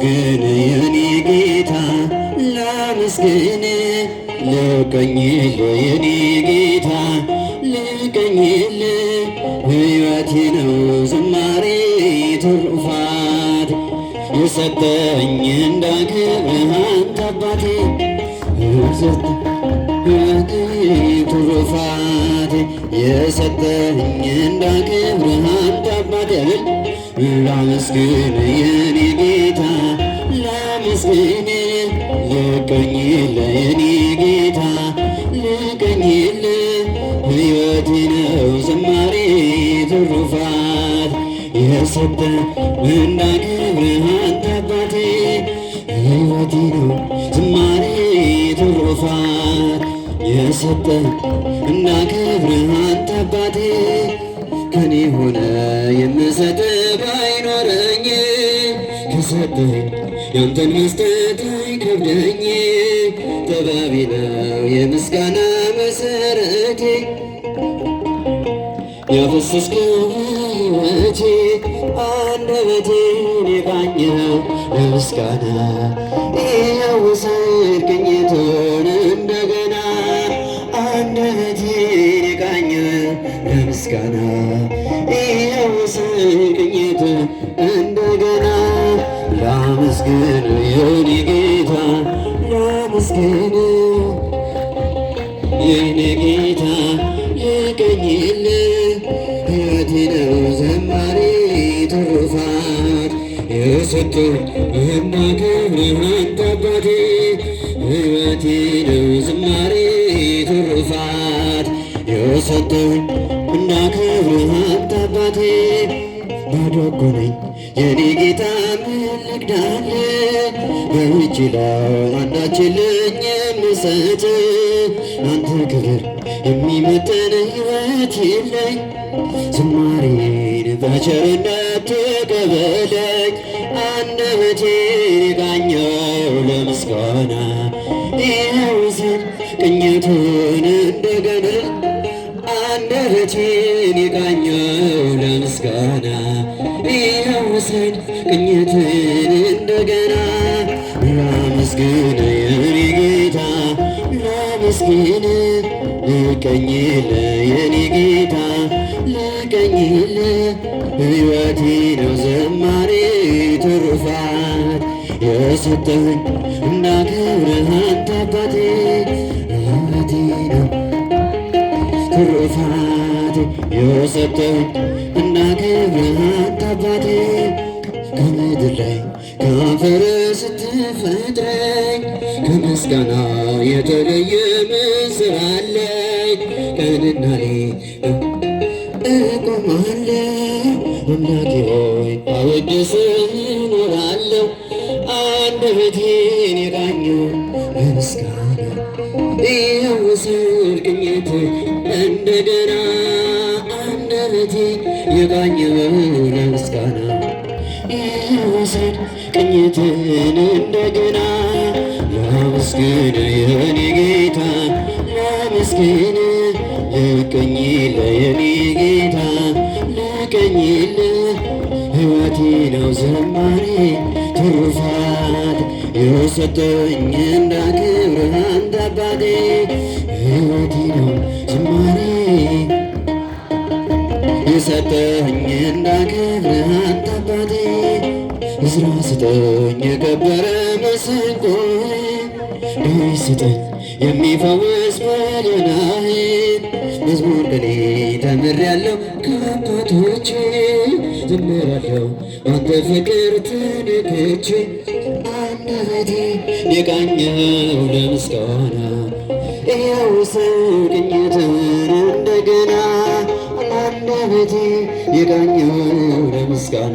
ላመስግን የኔ ጌታ ላመስግን ልቀኝል የኔ ጌታ ልቀኝል ሕይወቴ ነው ዝማሬ ትሩፋት የሰጠኝ ትሩፋት የሰጠኝ ላመስግን የኔ መስገን ልቀኝለ የኔ ጌታ ልቀኝለ ሕይወቴ ነው ዝማሬ ትሩፋት የሰጠ ምንዳ ክብርሃን አባቴ ሕይወቴ ነው ዝማሬ ትሩፋት የሰጠ ምንዳ ክብርሃን አባቴ ከኔ ሆነ የምሰጥ ባይኖረኝ ከሰጠኝ ያንተን መስጠት አይከብደኝ ጠባቢ ነው የምስጋና መሰረቴ ያፈሰስከው ሕይወቴ አንደበቴን የቃኘኸው ለምስጋና ያወሰድከኝ ቶን እንደገና አንደበቴን የቃኘኸው ለምስጋና ላመስግን የኔ ጌታ ላመስግን የኔ ጌታ የቀኝል ሕይወቴ ነው ዘማሪ ትሩፋት የሰጡ የማከብር አባቴ ሕይወቴ ነው ዘማሪ ትሩፋት የሰጠውን እናከብር አባቴ ባዶ እኮ የኔ ጌታ ምን ልክዳለ በሚችለው አናችልኝ የምሰጥ አንተ ክብር የሚመጠን ሕይወት የለኝ። ዝማሬን በቸርነት ተቀበለኝ። አንደበቴን ቃኘው ለምስጋና ይኸው ስል ቅኝቱን እንደገና አንደበቴ ያሬድ ቅኝት እንደገና ላመስግን የኔ ጌታ ላመስግን ልቀኝለ የኔ ጌታ ልቀኝለ ሕይወቴ ነው ዘማሬ ትሩፋት የሰጠኝ እንዳከብርህ አንተ አባቴ ሕይወቴ ነው ትሩፋት የሰጠኝ እንዳከብርህ አንተ አባቴ ምስጋና የተለየ ምስር አለ ቀንና እቆማለሁ አምላኬ ሆይ አወድስህ እኖራለሁ አንደበቴን የቃኘሁ በምስጋና ይኸው ምስር ቅኝት እንደገና አንደበቴ የቃኘሁ በምስጋና ይኸው ቅኝትን እንደገና ላመስግን የኔ ጌታ ላመስግን ልቀኝለ የኔ ጌታ ሕይወቴ ነው ዘማሬ ትሩፋት የሰጠኝ እንዳክብር ሕይወቴ ነው ዘማሬ የሰጠኝ እንዳክብር ስጠኝ የከበረ መሰንቆ እጅ ስጠኝ የሚፈወስ በደናዬ መዝሙር ቅኔ ተምሬያለሁ ከአባቶቼ ዘምሬያለሁ ባንተ ፍቅር ተነክቼ አንደበቴ የቃኘው ለምስጋና እያወሰንክኝ ተወን እንደገና አንደበቴ የቃኘው ለምስጋና